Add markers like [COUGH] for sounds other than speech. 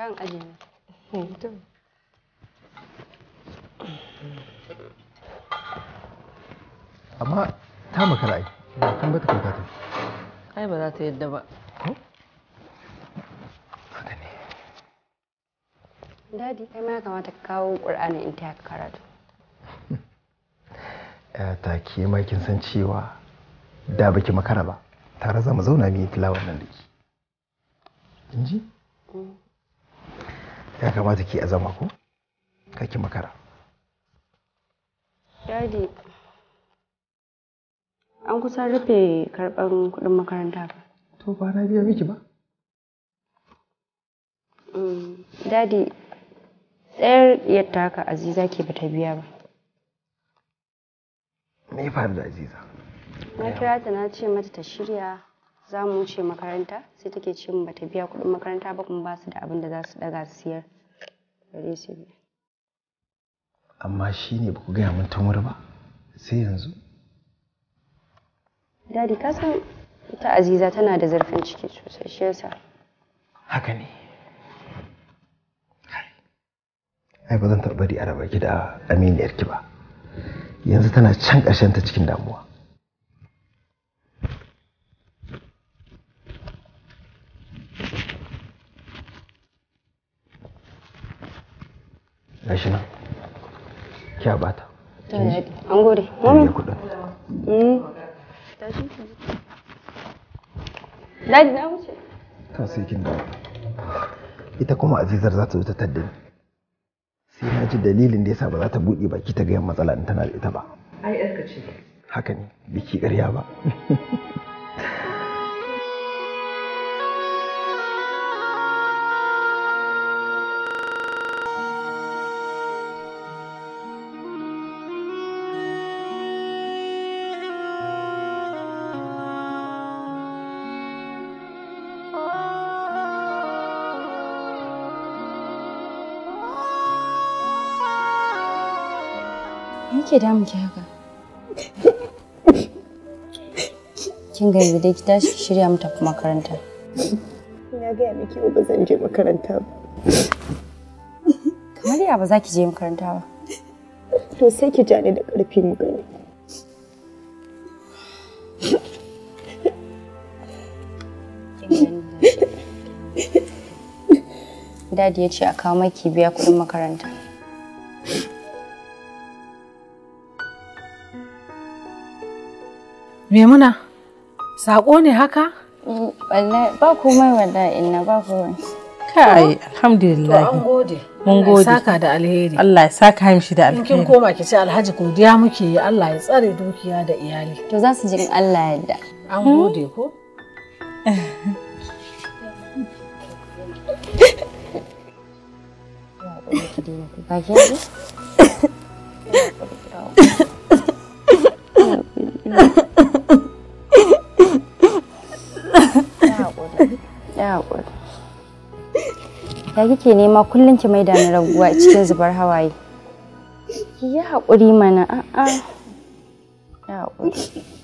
kan ajiyar hmm, amma ta makara ai ba kan bata kyauta ta ai ba za ta yadda ba dadi kai ma ya kamata ka kawo ƙur'ani in ta karatu [LAUGHS] ta ke ma kin san cewa da baki makara ba tare za mu zauna mu yi tilawar nan da ki kin ji mm. ya kamata ki azama ko kake makara Dadi an kusan rufe karɓar kuɗin makaranta ba. To ba na biya miki ba. Mm, Dadi tsayar yadda haka Aziza ke bata biya ba. Me ya faru da Aziza? Na kira ta na ce mata ta shirya za mu wuce makaranta sai take ce min bata biya kuɗin makaranta ba kuma ba su da abin da za su daga su siyar. gare shi ne. Amma shi ne ba ku gaya min tun wuri ba, sai yanzu. Dadi, ka san ita Aziza tana da zarfin ciki sosai, shi yasa. Haka ne. Ai, ba zan taɓa bari a raba ki da aminiyarki ba. Yanzu tana can ƙarshen ta cikin damuwa. gashi nan kya bata an gode mami kudin mm. na wuce sai kin ita kuma azizar za ta zo ta tadda sai na ji dalilin da yasa ba za ta buɗe baki ta ga matsala in tana da ita ba ai ce haka ne biki ƙarya ba [LAUGHS] Me yake damun ki haka? Kin ga yanzu dai ki tashi ki shirya mu tafi makaranta. Na gaya miki yau ba zan je makaranta ba. Kamar ya ba za ki je makaranta ba. To sai ki ja ni da ƙarfi mu gani. Dadi ya ce a kawo maki biya kuɗin makaranta. Maimuna, saƙo ne haka? Mm, wallahi ba komai wallahi inna ba komai. Kai, alhamdulillah. An gode. Mun gode. Saka da alheri. Allah ya saka mishi da alheri. Kin koma ki ce Alhaji godiya muke yi Allah ya tsare dukiya da iyali. To za su ji in Allah ya yarda. An hmm? gode ko? [LAUGHS] Ba ki [LAUGHS] ki haƙuri ya kike nema kullum ki maida ni raguwa cikin zubar hawaye ki yi haƙuri mana a'a ya haƙuri